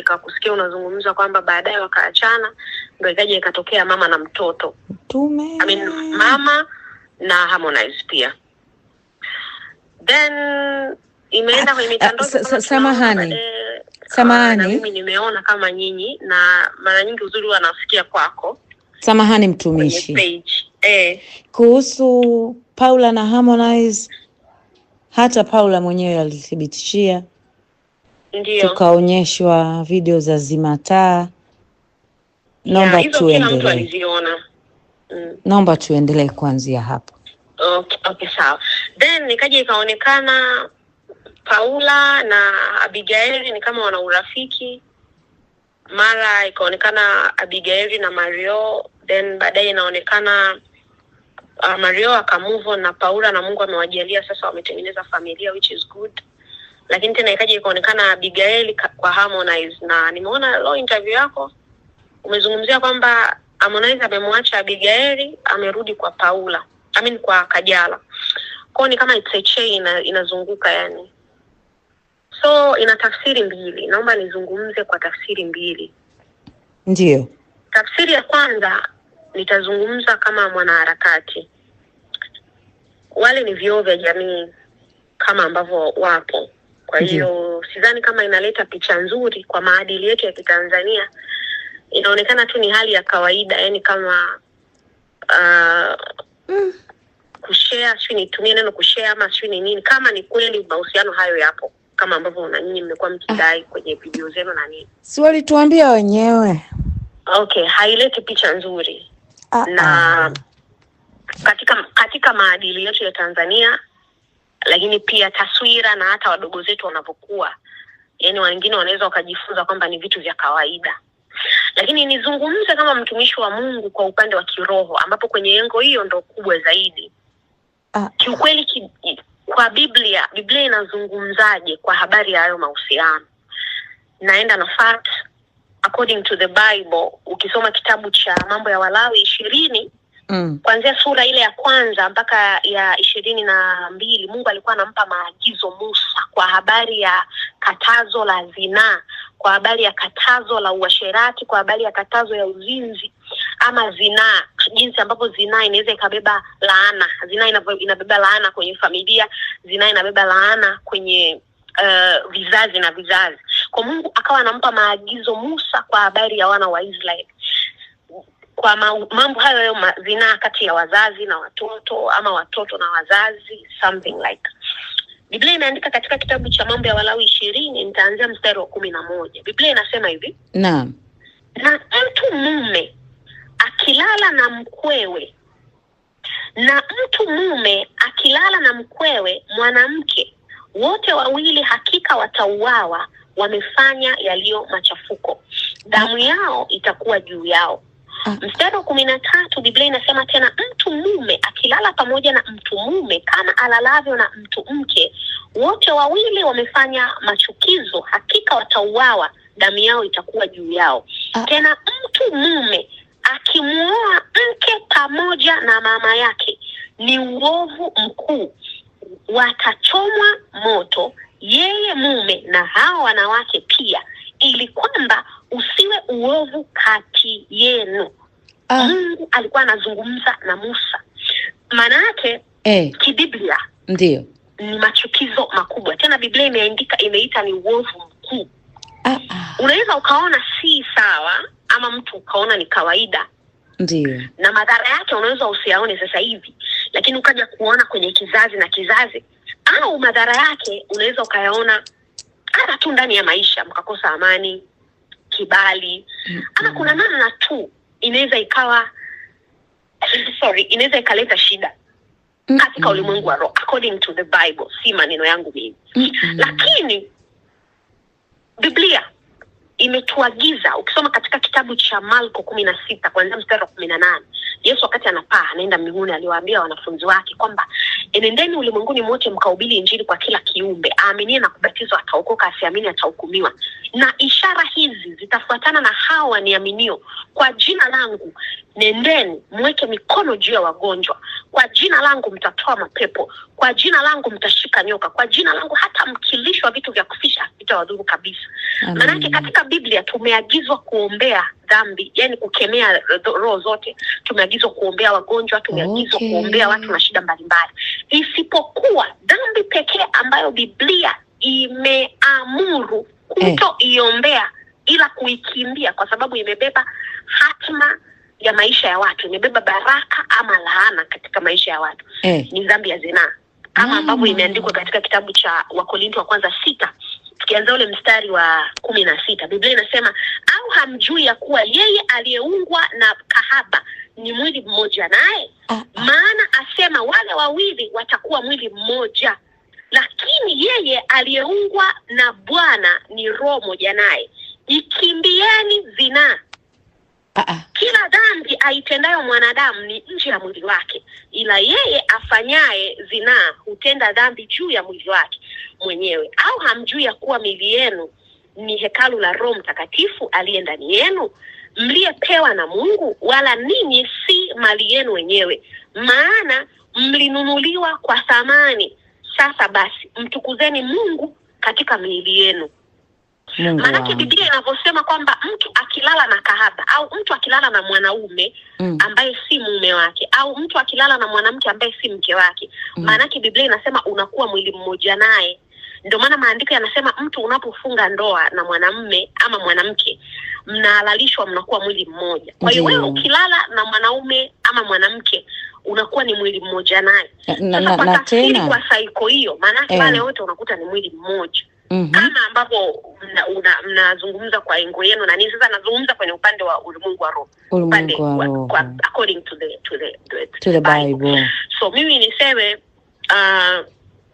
nikakusikia unazungumza kwamba baadaye wakaachana, ndo ikaja ikatokea mama na mtoto Tume. I mean, mama na Harmonize pia then imeenda kwenye ah, mitandao. Samahani, eh, samahani, mimi nimeona kama nyinyi, na mara nyingi uzuri wanasikia kwako. Samahani mtumishi eh, kuhusu Paula na Harmonize, hata Paula mwenyewe alithibitishia Ndiyo. Tukaonyeshwa video za zimataa. Naomba tuendelee. Mm. Naomba tuendelee kuanzia hapo. Okay, okay, sawa. Then nikaja ikaonekana Paula na Abigaeli ni kama wana urafiki, mara ikaonekana Abigaeli na Mario, then baadaye inaonekana uh, Mario akamove na Paula na Mungu amewajalia sasa, wametengeneza familia which is good lakini tena ikaja ikaonekana Abigail kwa Harmonize, na nimeona lo interview yako umezungumzia kwamba Harmonize amemwacha Abigail, amerudi kwa Paula, I mean kwa Kajala. Kwao ni kama it's a chain ina, inazunguka yani, so ina tafsiri mbili. Naomba nizungumze kwa tafsiri mbili. ndio tafsiri ya kwanza nitazungumza kama mwanaharakati. Wale ni vioo vya jamii kama ambavyo wapo kwa hiyo sidhani kama inaleta picha nzuri kwa maadili yetu ya Kitanzania, inaonekana tu ni hali ya kawaida, yani kama uh, mm. kushea sio nitumie neno kushea ama siu ni nini, kama ni kweli mahusiano hayo yapo kama ambavyo na nyinyi mmekuwa mkidai kwenye video zenu na nini, si walituambia wenyewe. Okay, haileti picha nzuri uh -uh. na ah. katika katika maadili yetu ya Tanzania lakini pia taswira na hata wadogo zetu wanavyokuwa, yani wengine wanaweza wakajifunza kwamba ni vitu vya kawaida. Lakini nizungumze kama mtumishi wa Mungu kwa upande wa kiroho, ambapo kwenye engo hiyo ndo kubwa zaidi ah. kiukweli. Ki, kwa Biblia, Biblia inazungumzaje kwa habari ya hayo mahusiano? Naenda na fact according to the Bible, ukisoma kitabu cha mambo ya Walawi ishirini mm. Kuanzia sura ile ya kwanza mpaka ya ishirini na mbili Mungu alikuwa anampa maagizo Musa kwa habari ya katazo la zinaa, kwa habari ya katazo la uasherati, kwa habari ya katazo ya uzinzi ama zinaa, jinsi ambapo zinaa inaweza ikabeba laana. Zinaa inabeba laana kwenye familia, zinaa inabeba laana kwenye uh, vizazi na vizazi. Kwa Mungu akawa anampa maagizo Musa kwa habari ya wana wa Israeli kwa mambo hayo hayo zinaa kati ya wazazi na watoto ama watoto na wazazi something like Biblia inaandika katika kitabu cha Mambo ya Walawi ishirini, nitaanzia mstari wa kumi na moja. Biblia inasema hivi, naam, na mtu mume akilala na mkwewe, na mtu mume akilala na mkwewe mwanamke, wote wawili hakika watauawa, wamefanya yaliyo machafuko, damu yao itakuwa juu yao. Ah. Mstari wa kumi na tatu Biblia inasema tena, mtu mume akilala pamoja na mtu mume kama alalavyo na mtu mke, wote wawili wamefanya machukizo, hakika watauawa, damu yao itakuwa juu yao. A ah. tena mtu mume akimwoa mke pamoja na mama yake ni uovu mkuu, watachomwa moto, yeye mume na hao wanawake pia, ili kwamba usi uovu kati yenu. Ah. Mungu alikuwa anazungumza na Musa, maana yake eh, kibiblia ndio ni machukizo makubwa, tena Biblia imeandika imeita ni uovu mkuu. ah, ah. Unaweza ukaona si sawa, ama mtu ukaona ni kawaida ndio, na madhara yake unaweza usiyaone sasa hivi, lakini ukaja kuona kwenye kizazi na kizazi, au madhara yake unaweza ukayaona hata tu ndani ya maisha, mkakosa amani kibali mm -hmm. Ama mm-hmm. kuna namna tu inaweza ikawa sorry, inaweza ikaleta shida mm -hmm. katika mm-hmm. ulimwengu wa roho according to the Bible, si maneno yangu mimi mm -hmm. lakini Biblia imetuagiza ukisoma katika kitabu cha Marko kumi na sita kuanzia mstari wa kumi na nane Yesu wakati anapaa anaenda mbinguni, aliwaambia wanafunzi wake kwamba enendeni ulimwenguni mwote mkaubiri injili kwa kila kiumbe, aaminie na kubatizwa ataokoka, asiamini atahukumiwa. Na ishara hizi zitafuatana na hawa waniaminio, kwa jina langu nendeni, mweke mikono juu ya wagonjwa, kwa jina langu mtatoa mapepo, kwa jina langu mtashika nyoka, kwa jina langu hata mkilishwa vitu vya kufisha vitawadhuru kabisa. Maanake katika Biblia tumeagizwa kuombea dhambi, yani kukemea roho zote, tumeagizwa kuombea wagonjwa, tumeagizwa okay, kuombea watu na shida mbalimbali, isipokuwa dhambi pekee ambayo Biblia imeamuru kutoiombea eh. ila kuikimbia, kwa sababu imebeba hatima ya maisha ya watu, imebeba baraka ama laana katika maisha ya watu eh, ni dhambi ya zinaa kama mm. ambavyo imeandikwa katika kitabu cha Wakorinto wa kwanza sita tukianza ule mstari wa kumi na sita Biblia inasema au hamjui ya kuwa yeye aliyeungwa na kahaba ni mwili mmoja naye? Ah, ah. Maana asema wale wawili watakuwa mwili mmoja. Lakini yeye aliyeungwa na Bwana ni roho moja naye. Ikimbieni zinaa. Aa. Ah, ah. Kila dhambi aitendayo mwanadamu ni nje ya mwili wake, ila yeye afanyaye zinaa hutenda dhambi juu ya mwili wake mwenyewe. Au hamjui ya kuwa mili yenu ni hekalu la Roho Mtakatifu aliye ndani yenu, mliyepewa na Mungu, wala ninyi si mali yenu wenyewe, maana mlinunuliwa kwa thamani. Sasa basi, mtukuzeni Mungu katika miili yenu. Maanake Biblia inavyosema kwamba mtu akilala na kahaba au mtu akilala na mwanaume mm. ambaye si mume wake au mtu akilala na mwanamke ambaye si mke wake mm. maanake Biblia inasema unakuwa mwili mmoja naye. Ndio maana maandiko yanasema mtu unapofunga ndoa na mwanamme ama mwanamke, mnahalalishwa, mnakuwa mwili mmoja. Kwa hiyo wewe ukilala na mwanaume ama mwanamke unakuwa ni mwili mmoja naye. na, kwa tafsiri, kwa saiko hiyo, maanake eh. wale wote unakuta ni mwili mmoja mm -hmm. kama ambavyo mnazungumza kwa engo yenu na nini. Sasa nazungumza kwenye upande wa ulimwengu wa roho, upande wa according to the to the to the, to the Bible. Bible. So mimi niseme uh,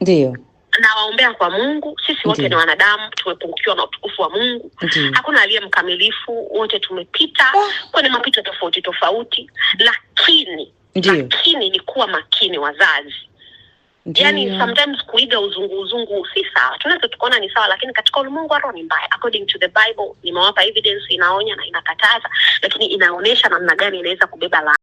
ndio nawaombea kwa Mungu. Sisi wote ni wanadamu, tumepungukiwa na utukufu wa Mungu. Ndiyo. Hakuna aliye mkamilifu, wote tumepita oh. kwenye mapito tofauti tofauti, lakini Ndiyo. lakini ni kuwa makini wazazi yani sometimes kuiga uzungu uzungu si sawa, tunaweza tukaona ni sawa, lakini katika ulimwengu aro ni mbaya. According to the Bible, nimewapa evidence inaonya na inakataza, lakini inaonyesha namna gani inaweza kubeba la